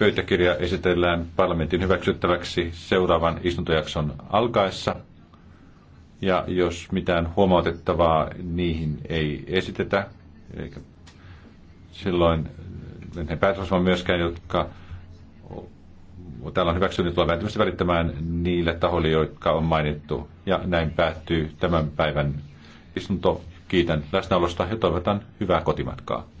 Pöytäkirja esitellään parlamentin hyväksyttäväksi seuraavan istuntojakson alkaessa. Ja jos mitään huomautettavaa niihin ei esitetä, eikä silloin ne päätösosman myöskään, jotka täällä on hyväksynyt tulla välttämättä välittämään niille tahoille, jotka on mainittu. Ja näin päättyy tämän päivän istunto. Kiitän läsnäolosta ja toivotan hyvää kotimatkaa.